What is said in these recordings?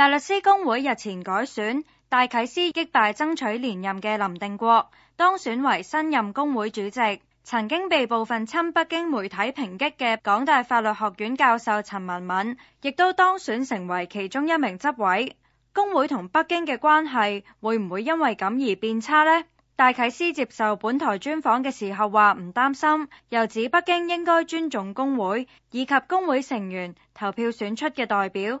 大律師公會日前改選，戴啟思擊敗爭取連任嘅林定國，當選為新任公會主席。曾經被部分親北京媒體抨擊嘅港大法律學院教授陳文敏，亦都當選成為其中一名執委。公會同北京嘅關係會唔會因為咁而變差呢？戴啟思接受本台專訪嘅時候話唔擔心，又指北京應該尊重公會以及公會成員投票選出嘅代表。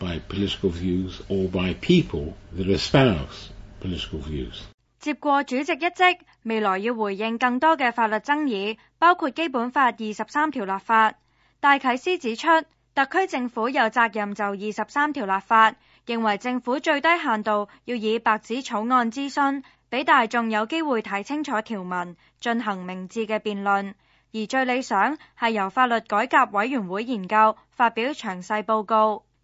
By political views or by people that espouse political views. 接過主席一職，未來要回應更多嘅法律爭議，包括《基本法》二十三條立法。戴啟思指出，特區政府有責任就二十三條立法，認為政府最低限度要以白紙草案諮詢，俾大眾有機會睇清楚條文，進行明智嘅辯論。而最理想係由法律改革委員會研究，發表詳細報告。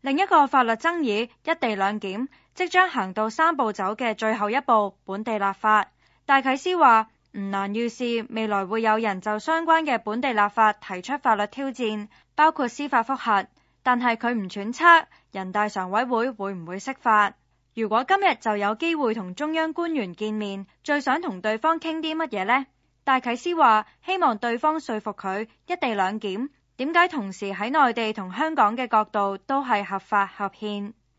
另一個法律爭議一地兩檢即將行到三步走嘅最後一步本地立法。戴啟思話唔難預示未來會有人就相關嘅本地立法提出法律挑戰，包括司法複核。但係佢唔揣測人大常委會會唔會釋法。如果今日就有機會同中央官員見面，最想同對方傾啲乜嘢呢？戴啟思話希望對方說服佢一地兩檢，點解同時喺內地同香港嘅角度都係合法合憲。